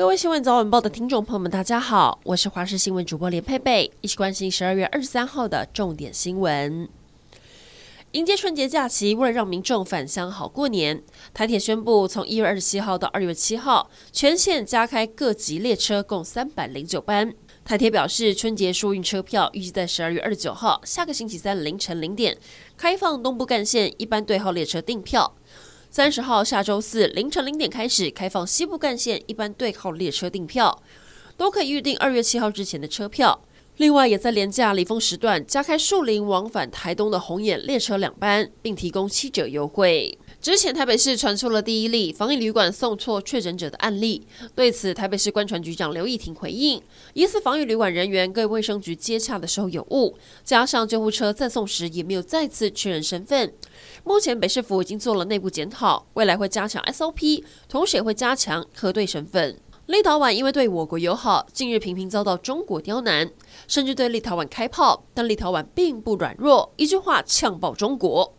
各位新聞早晚報的聽眾朋友們，大家好，我是華視新聞主播連佩佩，一起關心十二月二十三號的重點新聞。迎接春節假期，為了讓民眾返鄉好過年，台鐵宣布從一月二十七號到二月七號，全線加開各級列車共三百零九班。台鐵表示，春節疏運車票預計在十二月二十九號下個星期三凌晨零點開放東部幹線一般對號列車訂票。三十號下周四凌晨零點開始開放西部幹線一般對號列車訂票，都可以預定二月七號之前的車票。另外，也在廉價離峰時段加開樹林往返台東的紅眼列車兩班，並提供七折優惠。之前台北市傳出了第一例防疫旅館送錯確診者的案例，對此台北市觀傳局長劉奕霆回應，疑似防疫旅館人員跟衛生局接洽的時候有誤，加上救護車再送時也沒有再次確認身份。目前北市府已經做了內部檢討，未來會加強 SOP，同時也會加強核對身份。立陶宛因為對我國友好，近日頻頻遭到中國刁難，甚至對立陶宛開炮，但立陶宛並不軟弱，一句話嗆爆中國。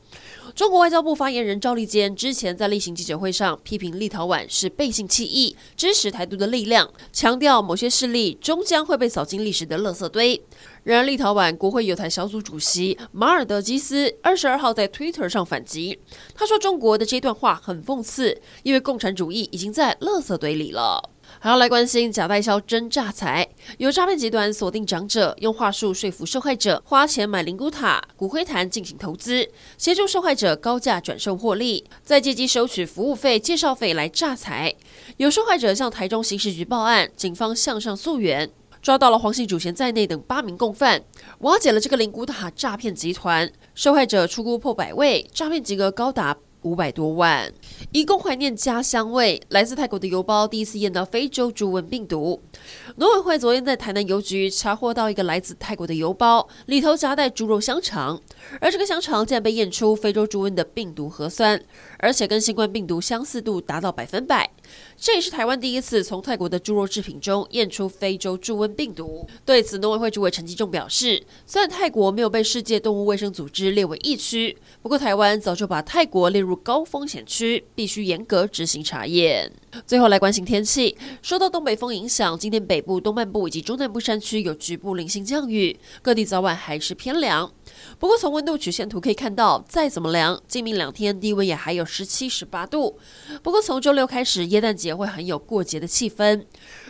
中國外交部發言人趙立堅之前在例行記者會上批評立陶宛是背信棄義、支持台獨的力量，強調某些勢力終將會被掃進歷史的垃圾堆。然而，立陶宛國會友台小組主席馬爾德基斯二十二號在 Twitter 上反擊，他說中國的這段話很諷刺，因為共產主義已經在垃圾堆裡了。還要來關心假代銷真詐財，有詐騙集團鎖定長者，用話術說服受害者花錢買靈骨塔、骨灰罈進行投資，協助受害者高價轉售獲利，再借機收取服務費、介紹費來詐財。有受害者向台中刑事局報案，警方向上溯源，抓到了黃姓主嫌在內等八名共犯，瓦解了這個靈骨塔詐騙集團，受害者初估破百位，詐騙金額高達。五百多萬，一共懷念家鄉味。來自泰國的郵包第一次驗到非洲豬瘟病毒。農委會昨天在台南郵局查獲到一個來自泰國的郵包，裡頭夾帶豬肉香腸，而這個香腸竟然被驗出非洲豬瘟的病毒核酸，而且跟新冠病毒相似度達到百分百。這也是台灣第一次從泰國的豬肉製品中驗出非洲豬瘟病毒。對此，農委會主委陳吉仲表示，雖然泰國沒有被世界動物衛生組織列為疫區，不過台灣早就把泰國列入。高風險區必須嚴格執行查驗。最後來關心天氣，受到東北風影響，今天北部、東半部以及中南部山區有局部零星降雨，各地早晚還是偏涼。不過，從溫度曲線圖可以看到，再怎麼涼，今明兩天低溫也還有十七、十八度。不過從週六開始，耶誕節會很有過節的氣氛。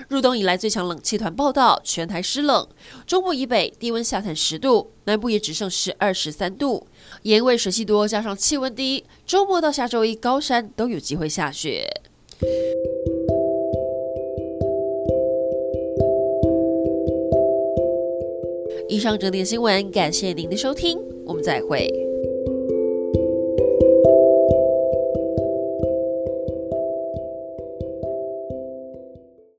入冬以來最強冷氣團報到，全台濕冷，中部以北低溫下探十度，南部也只剩十二、十三度。也因為水汽多加上氣溫低，週末到下週一高山都有機會下雪。以上整理的新聞，感謝您的收聽，我們再會。